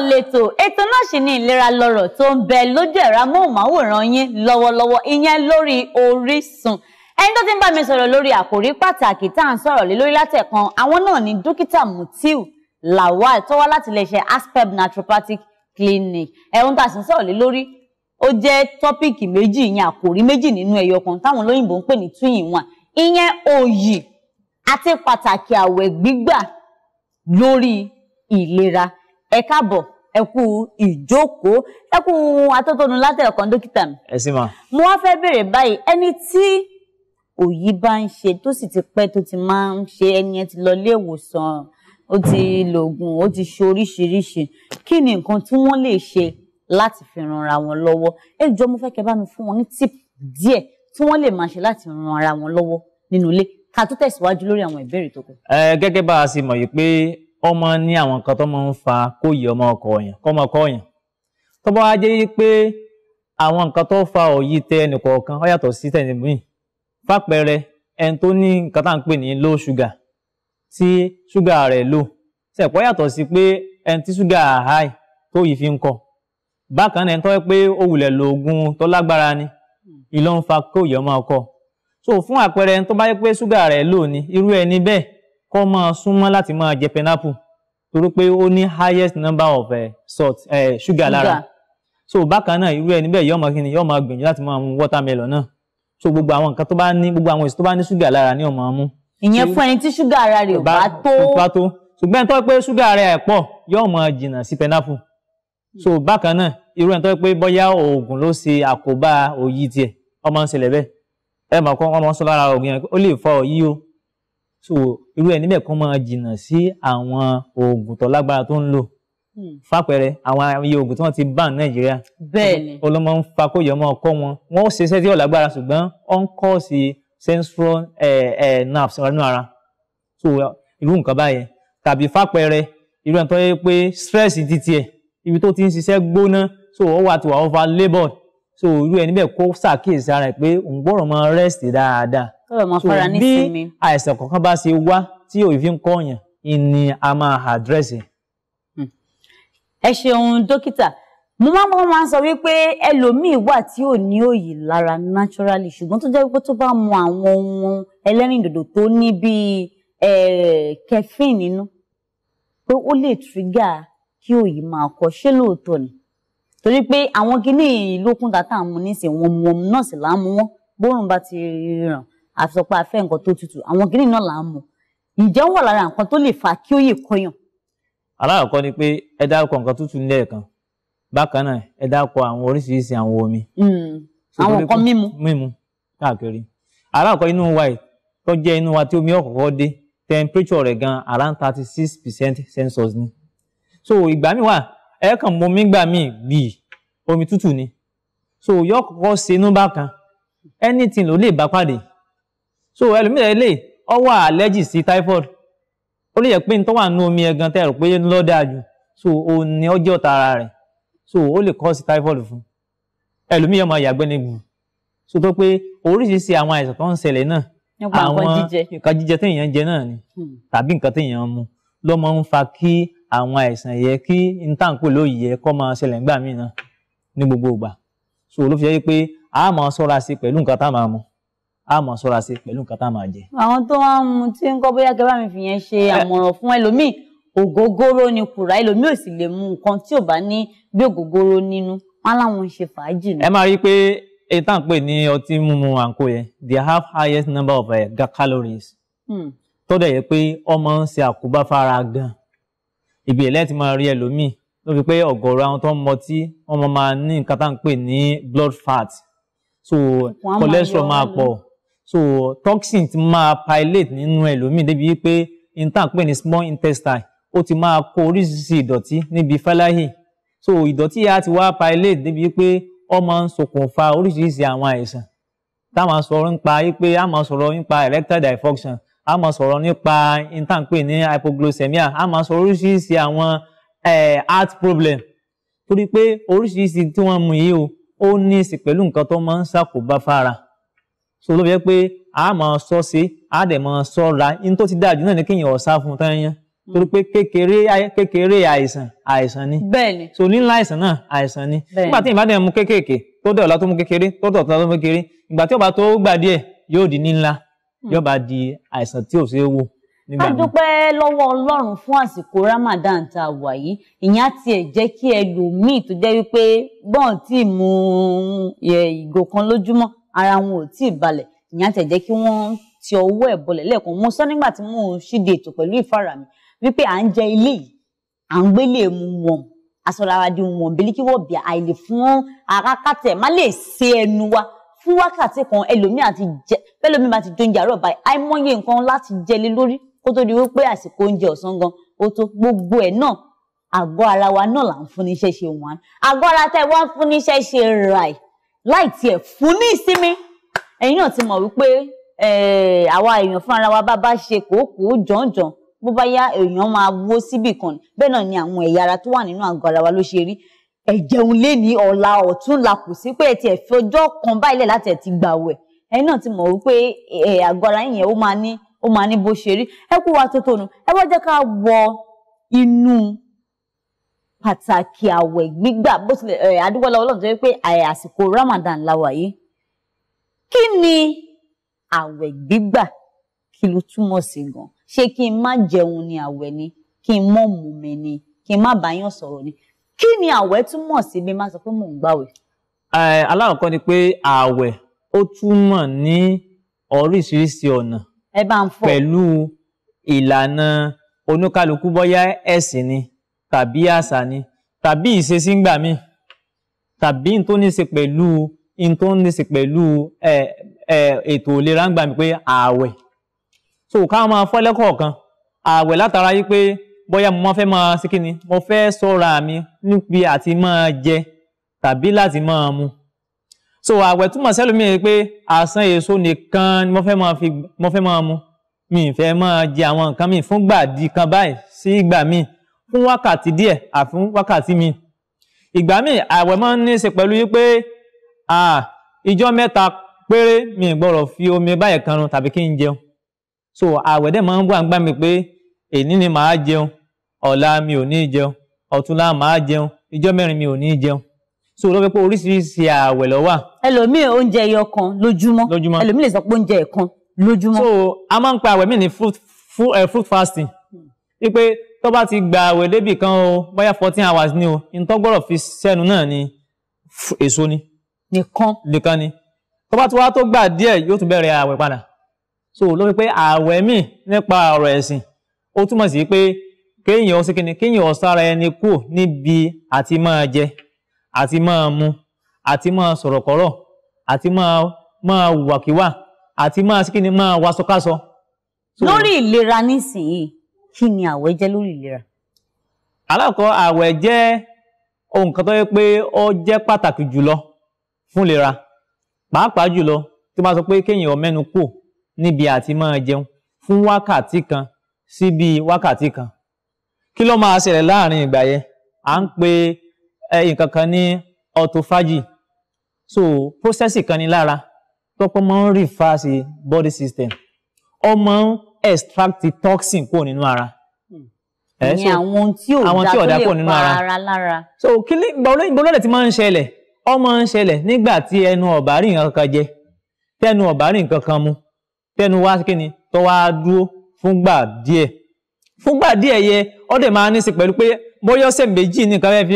lọ lẹ́tọ̀ ètò náà sì ní ìlera lọ́rọ̀ tó ń bẹ lójú ẹ̀rọ amóhùnmáwòrán yín lọ́wọ́lọ́wọ́ ìyẹn lórí Orísun ẹni tó ti ń bá mi sọ̀rọ̀ lórí àkòrí pàtàkì tá à ń sọ̀rọ̀ lé lórí látẹ̀kan àwọn náà ni dókítà Mutiu Lawal tó láti iléeṣẹ́ Aspeb Naturopathic Clinic ẹ̀hún tá a sì ń sọ̀rọ̀ lé lórí ó jẹ́ tọ́píìkì méjì ìyẹn àkòrí méjì nínú ẹyọ kan táwọn olóyìnbó ń pè ní two in one ìyẹn òyì àti pàtàkì àwẹ̀ gbígbà lórí ìlera ẹ káàbọ̀ ẹ kú ìjókòó ẹ kú atótónu látẹ̀kọ́ dókítà mi. ẹ sì máa. mo wá fẹ́ bèrè báyìí ẹni tí òyì bá ń ṣe tó sì ti pẹ́ tó ti máa ń ṣe ẹni ẹ ti lọ ilé ìwòsàn ó ti lo oògùn ó ti ṣe oríṣiríṣi kí ni nǹkan tí wọ́n lè ṣe láti fi ran ara wọn lọ́wọ́ ẹ jọ mo fẹ́ kẹ́ bá mi fún wọn ní tip díẹ̀ tí wọ́n lè máa ṣe láti ran ara wọn lọ́wọ́ nínú ilé ká tó tẹ̀síwájú lórí àwọn ìbéèrè tó kù. ẹ gẹ́gẹ́ bá a ṣe mọ̀ yìí pé ọmọ ní àwọn nǹkan tó máa ń fa kóyè ọmọ ọkọ yẹn kọ́mọ ọkọ yẹn tó bá wá jẹ́ pé àwọn nǹkan tó fa òyì tẹ ẹnìkọ̀ọ̀kan ó yàtọ̀ sí tẹ̀lẹ́mìí fàpẹẹrẹ ẹni tó ní nǹkan tá à ń pè ní low sugar tí sugar rẹ̀ low sẹ̀pọ̀ yàtọ̀ sí pé ẹni tí ṣúgà high tó yìí fi ń kọ bákan náà ẹni tó yẹ pé ó wulẹ̀ lo oògùn tó lágbára ni ìlọ ń fa kóyè ọmọ ọkọ so fún àpẹẹrẹ ẹni tó bá yẹ pé ṣúgà rẹ̀ low ni irú ẹni bẹ́ẹ̀ kọ́ máa súnmọ́ láti máa jẹ pineapple torí pé ó ní highest number of uh, salt uh, sugar lára so bákan náà irú ẹni bẹ́ẹ̀ yóò máa kíni yóò máa gbìyànjú láti máa mu watermelon náà so gbogbo àwọn nǹkan tó bá ní gbogbo àwọn èso tó bá ní sugar lára ni ó máa mú. ìyẹn fún ẹni tí sugar ara rẹ̀ ò bá tó. ò bá tó ṣùgbọ́n tó pé sugar ara ẹ̀ pọ̀ yóò máa jìnnà sí pineapple so bákan náà irú ẹni tó pé bóyá oògùn ló ṣe àkóbá òyì tiẹ̀ ọmọ ń ṣẹlẹ̀ bẹ́ẹ̀ ẹ mọ̀ kọ́ ọmọ sọ lára oògùn yẹn ó lè fọ òyì o so irú ẹni bẹ́ẹ̀ kó máa jìnnà sí àwọn oògùn tó lágbára tó ń lò hmm. fàpẹẹrẹ àwọn iye oògùn tí wọ́n ti bá ní nàìjíríà bẹ́ẹ̀ni olómọ ń fa kóyọ ọmọ ọkọ wọn wọn ó ṣe iṣẹ́ tí ó lágbára ṣùgbọ́n ó ń kọ sí central nerves nínú ara so irú nǹkan báyẹn tàbí fàpẹẹrẹ irú ẹni tó yẹ pé stress ti tiẹ̀ ibi tó ti ń ṣiṣẹ́ gbóná so ó wà ti wà over laboured so irú ẹni bẹ́ẹ̀ kó ṣàkíyèsí ara ẹ̀ pé òun gbọ́dọ̀ máa rest dáadáa bí àìsàn kankan bá ṣe wá tí òyìn fi ń kọyàn ni a máa àdírẹ́sì. Hmm. ẹ ṣeun dókítà mo máa mọ́ máa ń sọ wípé ẹlòmíì wà tí ò ní òyì lára naturally ṣùgbọ́n tó jẹ́ wípé tó bá mu àwọn ohun ẹlẹ́rìndòdò tó ní bíi caffeine nínú pé ó lè tírígà kí òyì máa kọ ṣé lóòótọ́ ni torí pé àwọn kinní ìlókun tàtà mu nísìnyí wọn mu wọn náà sì láàmú wọn bóòrùn bá ti ràn àti sọ pé a fẹ́ nǹkan tó tutù àwọn gíní náà là ń mu ǹjẹ́ wà lára nǹkan tó lè fa kí ó yè kọyàn. aláàkọ́ ni pé ẹ dárúkọ nǹkan tútù ní ẹ̀ẹ̀kan bákan náà ẹ dárúkọ àwọn oríṣiríṣi àwọn omi. Hmm. àwọn nǹkan mímu. mímu káàkiri aláàkọ́ inú wa yìí tó jẹ́ inú wa tí omi ọ̀kọ̀ọ̀kọ̀ dé temperature rẹ̀ gan around thirty six percent celsius ni. so ìgbà mi wà ẹ kàn mọ omi gbà mí bíi omi tútù ni so yọ ọkọ̀ ṣe inú bákan anything ló lè bá pàdé. so ẹlòmíràn ilé ọ wà allergy sí typhoid ó lè yẹ pé ní wà nínú omi ẹgan so òun ni ọjọ́ tara rẹ so ó lè kọ sí typhoid fún ẹlòmíràn máa yàgbẹ́ ni so tó pé oríṣiríṣi àwọn àìsàn tó ń ṣẹlẹ̀ náà àwọn nǹkan jíjẹ téèyàn jẹ náà ni hmm. tàbí nǹkan mu ló máa ń fa kí àwọn àìsàn yẹ kí yẹ máa ṣẹlẹ̀ so ló fi a máa ṣọ́ra sí pẹ̀lú nǹkan mu. a máa ṣọ́ra sí pẹ̀lú nǹkan tá a máa jẹ. àwọn tó wá ń mu tí ń kọ́ bóyá kẹ́ bá mi fìyẹn ṣe eh. àmọ̀ràn fún ẹlòmíì ògógóró ni kùrà ẹlòmíì ò sì lè mu nǹkan tí ò bá ní bí ògógóró nínú wọn láwọn ṣe fàájì ni. ẹ máa rí i pé èyí tá à ń pè ní ọtí mímu àǹkó yẹn they have highest number of eh, calories. Hmm. tó dẹ̀ yẹ pé ọmọ ń ṣe àkóbá fara gan ibi ìlẹ́ ti máa rí ẹlòmíì ló fi pé ọ̀gọ̀ọ̀rọ̀ àwọn tó ń mọtí wọ́n máa ní nǹkan tá à ń pè ní blood fat so cholesterol máa pọ̀ so toxin ti máa pilate nínú ẹlòmíì débi wípé intan pè ní small intestine ó ti máa kó oríṣiríṣi ìdọ̀tí níbi falahi so ìdọ̀tí yà á ti wá pilate débi wípé ó máa ń ṣokùnfà oríṣiríṣi àwọn àìsàn táwọn sọ̀rọ̀ nípa wípé a máa sọ̀rọ̀ nípa erectile dysfunction a máa sọ̀rọ̀ nípa intan pè ní hypoglycemia a máa sọ̀rọ̀ oríṣiríṣi àwọn heart problem torí pé oríṣiríṣi tí wọ́n mú yìí o ó ní í ṣe pẹ̀lú nǹkan tó máa ń ṣàkóbá fára so ló fi jẹ́ pé a máa sọ sí a dẹ̀ máa sọ́ra in tó ti dáa jù náà ni kéèyàn ọ̀sá fún tán yẹn torí pé kékeré kékeré àìsàn àìsàn ni bẹ́ẹ̀ni so nílá àìsàn náà àìsàn ni nígbà tí ìbá dẹ̀ mú kékèké tó dẹ̀ ọ̀la tó mú kékeré tó dẹ̀ ọ̀la tó mú kékeré ìgbà tí ó bá tó gbà díẹ̀ yóò di nílá hmm. yóò bá di àìsàn tí ò ṣeé wò a dúpẹ́ lọ́wọ́ ọlọ́run fún àsìkò ramadan tá a wà yìí ìyẹn á tiẹ̀ jẹ́ kí ẹlòmíì tó jẹ́ wípé gbọ́n tí mú eh, ìgò kan lójúmọ́ ara wọn ò tí ì balẹ̀ ìyẹn àti ẹ̀jẹ̀ kí wọ́n ti ọwọ́ ẹ̀ bọlẹ̀ lẹ́ẹ̀kan mo sọ nígbà tí mo ń ṣíde ètò pẹ̀lú ìfara mi wípé à ń jẹ ilé yìí à ń gbélé e mu wọn asọ̀ràwádìí wọn bílíkì wọ̀ bíà àìlè fún ara kàtẹ́ má lè ṣe ẹnu wa fún wákàtí kan ẹlòmíà ti jẹ bẹ́lòmíà bá ti jóúnjẹ àárọ̀ báyìí àìmọye nǹkan láti jẹlé lórí kó tó di wípé àsìkò oúnjẹ ọ̀sán gan ó tó gbogbo ẹ̀ náà àgọ́ ara wa náà là ń fún níṣẹ́ ṣe wọn àgọ́ ara tẹ́ wọ́n fún níṣẹ́ ṣe ràì láì tiẹ̀ fún ní ìsinmi ẹ̀yin náà ti mọ̀ wípé eh, àwa èèyàn fúnra wa bá bá ṣe kòókòó jọ̀ǹjọ̀ǹ bó bá yá èèyàn máa wó síbì kan bẹ́ẹ̀ náà ni àwọn ẹ̀yà ara tó wà nínú àgọ́ ara wa ló ṣe rí ẹ jẹun léni ọ̀la ọ̀túnla kò sí pé ẹ tiẹ̀ fi ọjọ́ kan báyìí lẹ̀ láti ẹ̀ ti gbààwẹ̀ ẹ̀yin náà ti mọ̀ wípé eh, àgọ́ ara yẹn ó máa ní ó máa ní bó ṣe rí ẹ kú wa tó tónu ẹ wá jẹ́ ká wọ inú pàtàkì àwẹ̀ gbígbà bó tilẹ̀ ẹ̀ adúgbòlá ọlọ́run tó yẹ pé àsìkò Ramadan la wà yìí kí ni àwẹ̀ gbígbà kí ló túmọ̀ sí gan ṣé kí n má jẹun ni àwẹ̀ ni kí n mọ̀ mú mi ni kí n má báyàn sọ̀rọ̀ ni kí ni àwẹ̀ túmọ̀ sí bí má sọ pé mò ń gbàwẹ̀. alákọ̀ọ́kọ́ ni pé àwẹ̀ ó túmọ̀ ní oríṣiríṣi ọ̀nà pẹ̀lú ìlànà oníkálukú bọ́yá ẹ̀sìn ni tàbí àṣà ni tàbí ìṣesí ńgbà míì tàbí n tó ní ṣe pẹ̀lú n tó ní ṣe pẹ̀lú ètò ìlera ńgbà míì pé ààwẹ̀ so káwọn máa fọ́ lẹ́kọ̀ọ̀kan ààwẹ̀ látara yí pé bóyá mo fẹ́ máa ṣe kí ni mo fẹ́ ṣọ́ra mi níbi àti máa jẹ tàbí láti máa mu so ààwẹ̀ túmọ̀ sẹ́lómi pé àsán èso nìkan ni mo fẹ́ máa fi mo fẹ́ máa mu mi ì fẹ́ máa jẹ àwọn nǹkan míì fúngbà di kan báyìí sí ìgbà míì fún wákàtí díẹ̀ àfún wákàtí mi ìgbà míì àwẹ̀ máa ń ní í ṣe pẹ̀lú yí pé ìjọ́ mẹ́ta péré mi gbọ́dọ̀ fi omi báyìí kanu tàbí kí n jẹun so àwẹ̀ dẹ̀ máa ń wà ń gbà mí pé èní ni màá jẹun ọ̀la mi ò ní jẹun ọ̀túnla màá jẹun ìjọ́ mẹ́rin mi ò ní jẹun so ló fẹ́ pé oríṣiríṣi àwẹ̀ ló wà. ẹlòmíì oúnjẹ ẹyọ kan lójúmọ́ lójúmọ́ ẹlòmíì lè sọ pé oúnjẹ ẹ̀kan lójúmọ́. so a máa ń pa àwẹ̀ mi ní fruit, fruit, uh, fruit fasting hmm. wípé tó bá ti gba àwẹ̀ débì kan o bóyá fourteen hours ni o ntọ́gbọ́rọ̀ fi sẹ́nu náà ni èso ni. nìkan nìkan ni tó bá ti wá tó gbà díẹ̀ yóò tún bẹ̀rẹ̀ àwẹ̀ padà so ló fi pé àwẹ̀ míì nípa ọ̀rọ̀ ẹ̀sìn ó túmọ̀ sí pé kéèyàn ó sì kíni kéèyàn ó sára ẹni kúrò níbi àti máa jẹ àti máa mu àti máa sọ̀rọ̀kọ̀rọ̀ àti máa máa wàkíwà àti máa sí kíni máa wasọkásọ. lórí ìlera nísìnyí kí ni àwẹ̀ jẹ́ lórí ìlera. alákọ̀ọ́ àwẹ̀ jẹ́ ohun kan tó yẹ pé ó jẹ́ pàtàkì jùlọ fún ìlera pàápàá jùlọ tí wọ́n sọ pé kéèyàn mẹ́nu kù níbi àti máa jẹun fún wákàtí kan sí bíi wákàtí kan kí ló máa ṣẹlẹ̀ láàrin ìgbà yẹn à ń pe nǹkan kan ní autophagy so process kan ní lára tọ́pọ́ máa ń rìfà body system ó extract toxin kúrò nínú ara. Hmm. Eh, ní àwọn tí ò dá tó lè pa ara lára. so kí ni gbọ́dọ̀ tí máa ń ṣẹlẹ̀ ọ máa ń ṣẹlẹ̀ nígbà ẹnu ọ̀bá rí nǹkan kan jẹ tẹnu ọ̀bá rí nǹkan kan mu tẹnu wá kí ni tó wá dúró fúngbà díẹ̀ fúngbà díẹ̀ yẹ máa ní sí pẹ̀lú pé bóyá ọ̀sẹ̀ méjì nìkan fẹ́ fi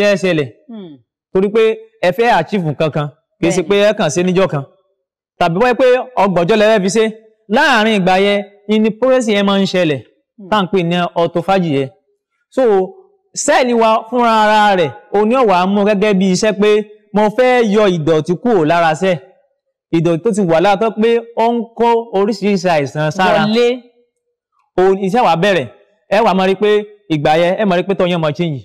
hmm. kì í ṣe pé ẹ kàn níjọ́ kan ni process yẹn máa ń ṣẹlẹ̀ hmm. tá à ń pè ní autophagy yẹn so sẹ́ẹ̀lì wa fúnra ara rẹ̀ oní ọ̀wà mú gẹ́gẹ́ bí iṣẹ́ pé mo fẹ́ yọ ìdọ̀tí kúrò lára sẹ́ẹ̀ ìdọ̀tí tó ti wà lára pé ó ń kó oríṣiríṣi àìsàn sára wọlé iṣẹ́ wa bẹ̀rẹ̀ ẹ wà máa rí pé ìgbà yẹn ẹ máa rí pé tọyán máa change.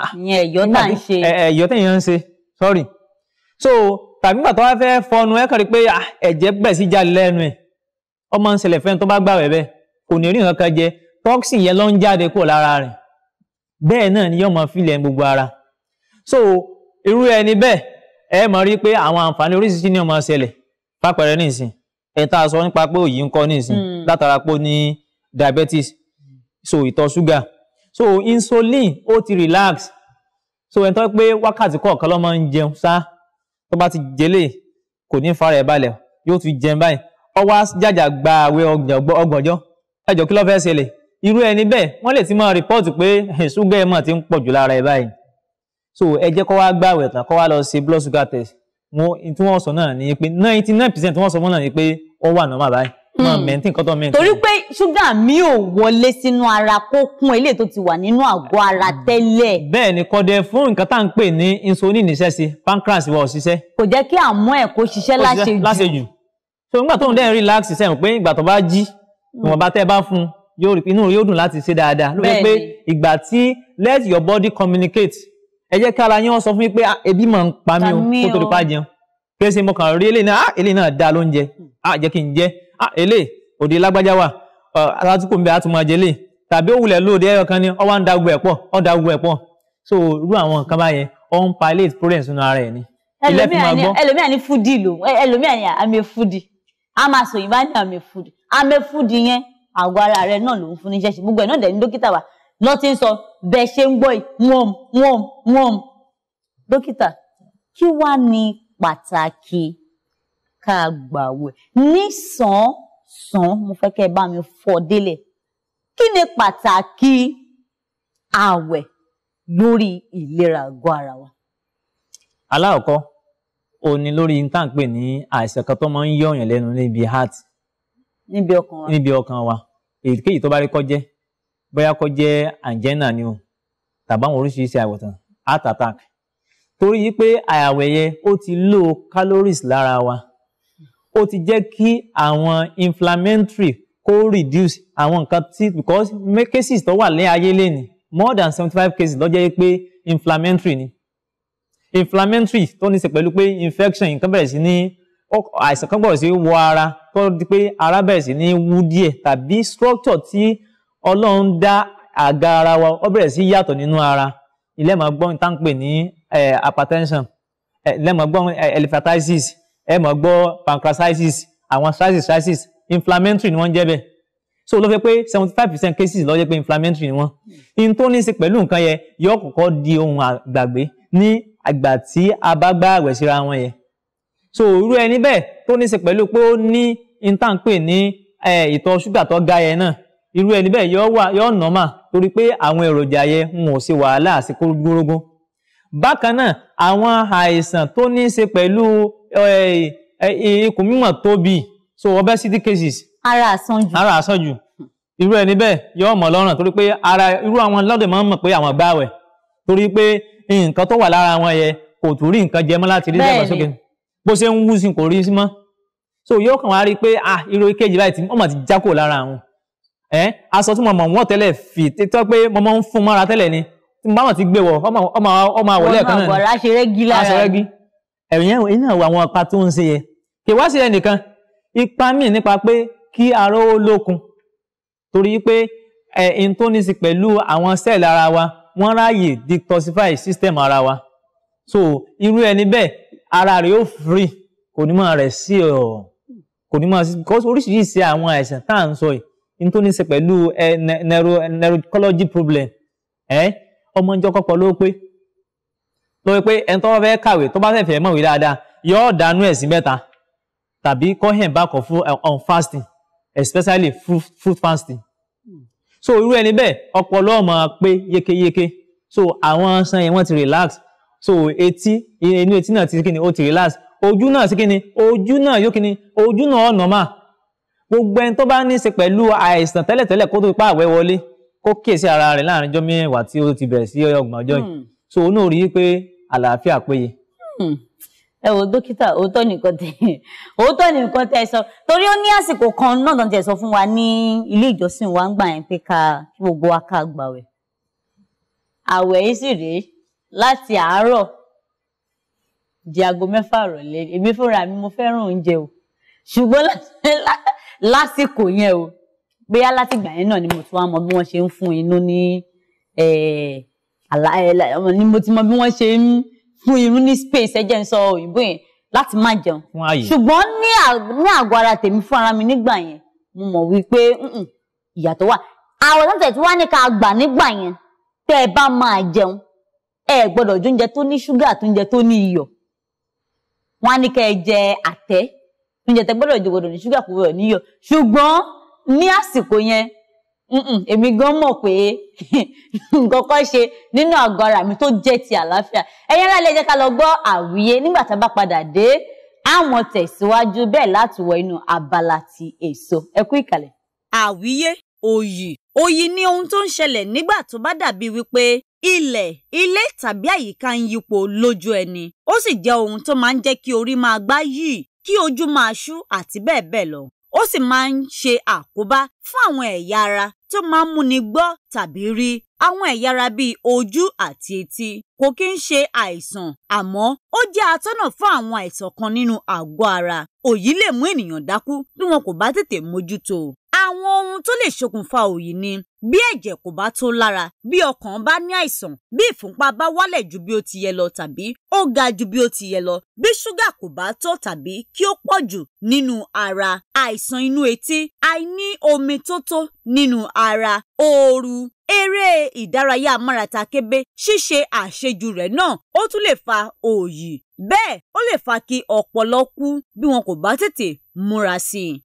Ah, ìyẹn ẹ̀yọ́ tá ń ṣe. ẹ̀yọ́ tẹ̀yàn ń ṣe sorry so tàbí gbà tó wá fẹ́ fọnu ẹ kàn rí pé ah, ẹ̀jẹ̀ bẹ̀ sí jáde lẹ́nu ẹ̀ ọmọ ń ṣẹlẹ̀ fẹ́ni tó bá gbàwẹ̀ bẹ́ẹ̀ kò ní rí nǹkan kan jẹ toxin yẹn ló ń jáde kúrò lára rẹ̀ bẹ́ẹ̀ náà ni yóò máa filẹ̀ gbogbo ara so irú ẹni bẹ́ẹ̀ ẹ máa rí pé àwọn àǹfààní oríṣiríṣi ni ó máa ṣẹlẹ̀ fàpẹ̀rẹ̀ nísìn ẹ̀ tá a sọ nípa pé òyì ń kọ́ nísìn hmm. látara pé ó ní diabetes so ìtọ̀ ṣúgà so insulin ó ti relax so ẹ̀ ń tọ́ pé wákàtí kọ̀ọ̀kan ló máa ń jẹun ṣá tó bá ti jẹlé kò ní fara ẹ̀ balẹ̀ yóò ti jẹun báyìí ọwọ́ jàjà gba àwẹ̀ ọgbọ̀njọ́ ẹjọ́ kí ló fẹ́ ṣẹlẹ̀ irú ẹni bẹ́ẹ̀ wọ́n lè ti máa rìpọ́ọ̀tù pé ṣúgà ẹ̀ mọ̀ ti ń pọ̀ jù lára ẹ̀ báyìí so ẹ jẹ́ kó wá gba àwẹ̀ tán kó wá lọ ṣe blood sugar test wọn tí wọ́n sọ náà ni pé ninety nine percent tí wọ́n sọ fún náà ni pé ó wà normal báyìí máa mẹ́ntì hmm. nǹkan tó mẹ́ntì. torí pé ṣúgà mi ò wọlé sínú ara kó kún eléyìí tó ti wà nínú àgọ́ ara tẹ́lẹ̀. bẹ́ẹ̀ ni kọ́dẹ fún nǹkan tá à ń pè ní insulin níṣẹ́ sí pancreas wa ò ṣiṣẹ́. kò jẹ́ kí àmọ́ ẹ̀ kó ṣiṣẹ́ láṣejù so nígbà tó ń dẹ́n relax sẹ́yìn pé ìgbà tó bá jí mm. ìwọ̀nba tẹ́ bá fún yóò rí inú yóò dùn láti ṣe dáadáa ló fi pé ìgbà tí let your body communicate ẹ jẹ́ kí ara yín sọ fún yín pé ah, ebi máa ń pa mí o kó tó di pa jẹun kí ẹ ṣe mo kàn rí eléyìí náà ah eléyìí náà dáa lóúnjẹ ah jẹ́ kí n jẹ ah eléyìí òde lágbájá wà alátúkò ń bẹ àtúmọ̀ àjẹlé tàbí ó wulẹ̀ lóde ẹyọ kan ní ọ wá ń da gbogbo ẹ̀ pọ̀ ọ da gbogbo ẹ̀ pọ̀ so irú àwọn nǹkan báyẹn ọ ń pa ilé ìtúrẹ̀ sínú ara ẹ̀ ni. ẹlòmíà ni ẹlòmíà ni fúdì lò ẹlòmíà ni àmì fúdì amazon yìí bá ní àmẹ́fúdì àmẹ́fúdì yẹn àgọ́ ara rẹ náà ló ń fún níṣẹ́ ṣe gbogbo ẹ̀ náà dẹ̀ ní dókítà wa lọ́ ti ń sọ bẹ́ẹ̀ ṣe ń gbọ́ yìí wọ́n wọ́n wọ́n dókítà kí wá ní pàtàkì ká gbàwẹ̀ nísàn sàn mo fẹ́ kẹ́ bá mi fọ́ délẹ̀ kí ni pàtàkì àwẹ̀ lórí ìlera àgọ́ ara wa. aláàkọ́ òní lórí n tá à ń pè ní àìsàn kan tó máa ń yọ̀yàn lẹ́nu níbi heart níbi ọkàn wa níbi ọkàn wa èyíkéyìí tó bá rí kó bóyá kó angina ni o tàbáwọn oríṣiríṣi àìwòsàn heart attack torí pé àyàwẹ̀ yẹn ó ti lo calories lára wa ó ti jẹ́ kí àwọn inflammatory kó reduce àwọn nǹkan tí because cases tó wà lé ayé lé more than seventy five cases ló jẹ́ pé inflammatory ni inflammatory tó ní í ṣe pẹ̀lú pé infection nǹkan bẹ̀rẹ̀ sí ní àìsàn kan bẹ̀rẹ̀ sí wọ ara tó di pé ara bẹ̀rẹ̀ sí ní wú díẹ̀ tàbí structure tí ọlọ́run dá àga ara wa ó bẹ̀rẹ̀ sí yàtọ̀ nínú ara ilé ẹ̀ máa tá ń pè ní hypertension ilé elephantiasis ẹ̀ máa pancreatitis àwọn psoriasis inflammatory ni wọ́n ń jẹ́ bẹ́ẹ̀ so ló fẹ́ pé seventy five percent cases ló jẹ́ pé inflammatory ni wọ́n in tó ní í ṣe pẹ̀lú nǹkan yẹn yóò kọ́kọ́ di ohun àgbàgbé ní àgbà tí a bá gba àwẹ̀ síra wọn yẹn so irú ẹni bẹ́ẹ̀ tó ní ṣe pẹ̀lú pé ó ní intanpe ní ìtọ̀ ṣúgà tó ga yẹn náà irú ẹni bẹ́ẹ̀ yọ wà yọ nọ́mà torí pé àwọn èròjà yẹn ń ò ṣe wàhálà àsìkò gbórógún bákan náà àwọn àìsàn tó ní ṣe pẹ̀lú ikùn mímọ̀ tóbi so obesity cases ara àsanjù ara àsanjù irú ẹni bẹ́ẹ̀ yọ mọ̀ lọ́rùn torí pé ara irú àwọn lọ́dọ̀ máa ń mọ̀ pé àwọn gbáwẹ̀ torí pé nǹkan tó wà lára wọn yẹ kò tún rí nǹkan jẹ mọ́ láti rí ìdàgbàsókè bó ṣe ń wú sí kò rí sí mọ́ so yóò kàn wá rí i pé ah irú kejì báyìí tí wọ́n mọ̀ ti já kò lára àwọn ẹ aṣọ tí mo mọ̀ wọ́n tẹ́lẹ̀ fi tẹ́tọ́ pé mo máa ń fún mọ́ra tẹ́lẹ̀ ni tí mo bá wọn ti gbé wọ ọmọ àwọlé ẹ̀kan náà ni aṣọ rẹ́gí lára ẹ̀yìn ẹ̀yìn náà wà àwọn ipa tó ń ṣe yẹ kì wá sí ẹnìkan ipa míì nípa pé kí ara ó lókun torí pé ẹ̀ ń tó ní sí pẹ̀lú àwọn sẹ́ẹ̀lì ara wa wọ́n ráàyè detoxify system ara wa so irú ẹni bẹ́ẹ̀ ara rẹ̀ yóò free kò ní máa rẹ̀ sí ọ̀ kò ní máa sí because oríṣiríṣi àwọn àìsàn tá à ń sọ yìí n tó ní í ṣe pẹ̀lú neurology problem ọmọ ìjọ kọ́kọ́ ló pé ló pé ẹni tó bá fẹ́ kàwé tó bá fẹ́ fẹ́ mọ̀wé dáadáa yóò dànù ẹ̀ mẹ́ta tàbí kọ́ hẹn back on fasting especially fruit fasting so irú ẹni bẹ́ẹ̀ ọpọlọ ọmọ pé yékéyéké so àwọn san yẹn wọ́n ti relax so etí inú etí náà ti kíni ó ti relax ojú náà sí kíni ojú náà yóò kíni ojú náà ọ̀nà mà gbogbo ẹni tó bá ní í ṣe pẹ̀lú àìsàn tẹ́lẹ̀tẹ́lẹ̀ kó tó pa àwẹ̀ wọlé kó kíyèsí ara rẹ̀ láàrin ọjọ́ mẹ́wàá tí ó ti bẹ̀rẹ̀ sí ọgbọ̀n ọjọ́ yìí hmm. so onú rí i pé àlàáfíà péye. Hmm ẹ wo dókítà òótọ́ nìkan tẹ òótọ́ nìkan tẹ sọ torí ó ní àsìkò kan náà tó ń tẹ sọ fún wa ní ilé ìjọsìn wa ń gbà yẹn pé ká gbogbo wa ká gbàwẹ̀ àwẹ̀ yìí sì rèé láti àárọ̀ di aago mẹ́fà rọ̀lẹ́ èmi fúnra mi mo fẹ́ràn oúnjẹ o ṣùgbọ́n lásìkò yẹn o bóyá láti gbà yẹn náà ni mo ti wá mọ bí wọ́n ṣe ń fún inú ní ni mo ti mọ bí wọ́n ṣe ń fún irun ní space ẹ jẹ́ n sọ òyìnbó yẹn láti má jẹun ṣùgbọ́n ní àgọ́ ara tèmi fún ara mi nígbà yẹn mo mọ̀ wípé ìyàtọ̀ wà àwọn ọ̀dọ́tẹ̀ tí wá ní ká gbà nígbà yẹn tẹ́ ẹ bá máa jẹun ẹ gbọ́dọ̀ jóúnjẹ tó ní ṣúgà tó ń jẹ tó ní iyọ̀ wọ́n á ní kẹ́ ẹ jẹ àtẹ́ oúnjẹ tẹ́ gbọ́dọ̀ jẹ gbọ́dọ̀ ní ṣúgà kò gbọ́dọ̀ níyọ̀ ṣùgbọ́n ní àsìkò yẹn èmi gan mọ̀ pé nǹkan kan ṣe nínú àgọ́ ara mi tó jẹ́ ti àlàáfíà ẹ̀yin ará ilé jẹ́ ká lọ gbọ́ àwíyé nígbà tá a bá padà dé àwọn tẹ̀síwájú bẹ́ẹ̀ láti wọ inú abala ti èso ẹ kú ìkàlẹ̀. àwíyé òyì òyì ni ohun tó ń ṣẹlẹ̀ nígbà tó bá dàbí wípé ilẹ̀ ilé tàbí àyíká ń yípo lójú ẹni ó sì jẹ́ ohun tó máa ń jẹ́ kí orí máa gbá yìí kí ojú máa ṣú àti bẹ́ẹ̀ bẹ́ẹ̀ lọ ó sì máa ń ṣe àkóbá fún àwọn ẹ̀yà ara tó máa ń múni gbọ́ tàbí rí àwọn ẹ̀yà ara bíi ojú àti etí kò kí ń ṣe àìsàn àmọ́ ó jẹ́ atọ́nà fún àwọn àìsàn kan nínú àgọ́ ara òyì lè mú ènìyàn dákú bí wọn kò bá tètè mójútó àwọn ohun tó lè ṣokùnfà òyì ni bí ẹ̀jẹ̀ kò bá tó lára bí ọkàn bá ní àìsàn bí ìfúnpá bá wálẹ̀ ju bí ó ti yẹ lọ tàbí ó ga ju bí ó ti yẹ lọ bí ṣúgà kò bá tó tàbí kí ó pọ̀ jù nínú ara àìsàn inú etí àìní omi tó tó nínú ara ooru eré ìdárayá amárata kébé ṣíṣe àṣejù rẹ̀ náà ó tún lè fa òòyì bẹ́ẹ̀ ó lè fa kí ọpọlọ kú bí wọn kò bá tètè múra sí i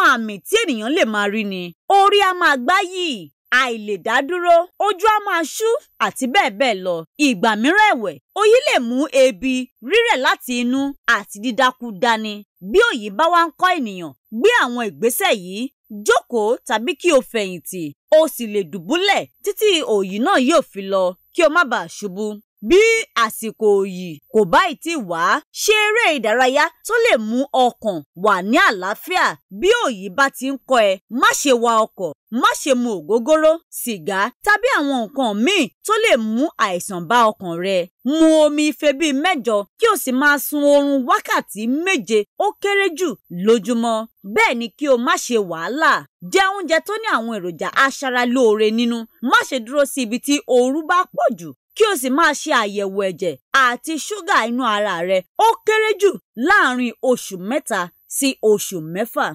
àwọn àmì tí ènìyàn lè máa rí ni orí á máa gbá yìí àìlèdádúró ojú á máa ṣú àti bẹ́ẹ̀ bẹ́ẹ̀ lọ ìgbà mìíràn ẹ̀wẹ̀ òyì lè mú ebi rírẹ̀ láti inú àti dídákú dání bí òyì bá wá ń kọ́ ènìyàn gbé àwọn ìgbésẹ̀ yìí jókòó tàbí kí o fẹ̀yìntì o sì lè dùbúlẹ̀ títí òyì náà yóò fi lọ kí o má bàa ṣubú bí àsìkò òyì kò bá ì tí wá ṣe eré ìdárayá tó lè mú ọkàn wà ní àlàáfíà bí òyì bá ti ń kọ ẹ má ṣe wa ọkọ̀ má ṣe mu ògógóró sìgá tàbí àwọn nǹkan míì tó lè mú àìsàn bá ọkàn rẹ mu omi ife bíi mẹ́jọ kí o sì máa sun oorun wákàtí méje ó kéré jù lójúmọ́ bẹ́ẹ̀ ni kí o má ṣe wàhálà jẹ oúnjẹ tó ní àwọn èròjà aṣaralóore nínú má ṣe dúró sí ibi tí ooru bá pọ̀ jù kí o sì máa ṣe àyẹ̀wò ẹ̀jẹ̀ àti ṣúgà inú ara rẹ ó kéré jù láàárín oṣù mẹ́ta sí oṣù mẹ́fà.